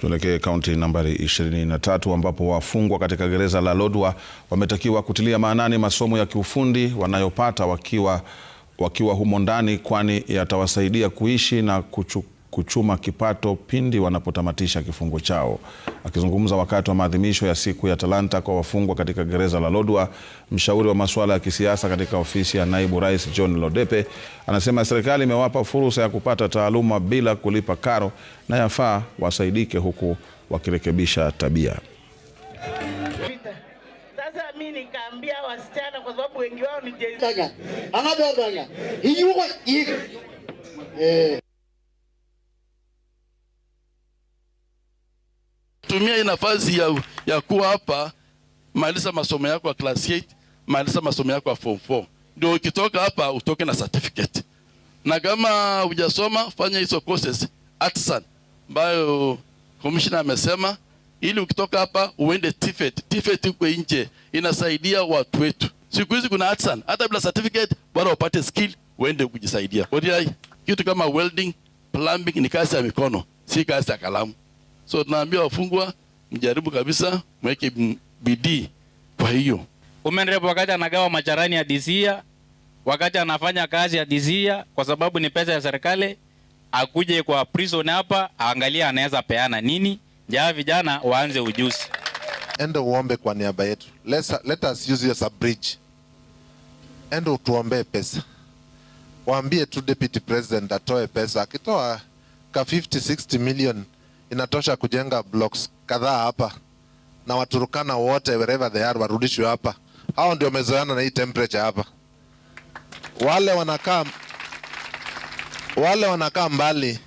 Tuelekee kaunti nambari 23 ambapo wafungwa katika gereza la Lodwar wametakiwa kutilia maanani masomo ya kiufundi wanayopata wakiwa, wakiwa humo ndani kwani yatawasaidia kuishi na kuchu, kuchuma kipato pindi wanapotamatisha kifungo chao. Akizungumza wakati wa maadhimisho ya siku ya talanta kwa wafungwa katika gereza la Lodwar, mshauri wa masuala ya kisiasa katika ofisi ya naibu rais John Lodepe anasema serikali imewapa fursa ya kupata taaluma bila kulipa karo na yafaa wasaidike huku wakirekebisha tabia. tumia hii nafasi ya, ya kuwa hapa, maliza masomo yako ya class 8, maliza masomo yako ya form 4, ndio ukitoka hapa utoke na certificate, na kama hujasoma fanya hizo courses ATSAN ambayo commissioner amesema, ili ukitoka hapa uende TVET. TVET uko nje inasaidia watu wetu. Siku hizi kuna ATSAN hata bila certificate bora upate skill uende kujisaidia. Kwa hiyo Kitu kama welding, plumbing ni kazi ya mikono, si kazi ya kalamu. So tunaambia wafungwa, mjaribu kabisa, mweke bidii. Kwa hiyo Umenrep wakati anagawa macharani ya Dizia, wakati anafanya kazi ya Dizia, kwa sababu ni pesa ya serikali, akuje kwa prison hapa aangalie anaweza peana nini. Jaa vijana waanze ujuzi. Enda uombe kwa niaba yetu. Let's, let us use as a bridge. Enda utuombee pesa, waambie tu deputy president atoe pesa, akitoa ka 50 60 million inatosha kujenga blocks kadhaa hapa, na Waturukana wote wherever they are warudishwe hapa. Hao ndio wamezoeana na hii temperature hapa. Wale wanakaa wale wanakaa mbali,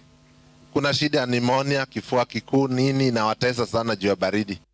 kuna shida ya nimonia, kifua kikuu, nini, na watesa sana juu ya baridi.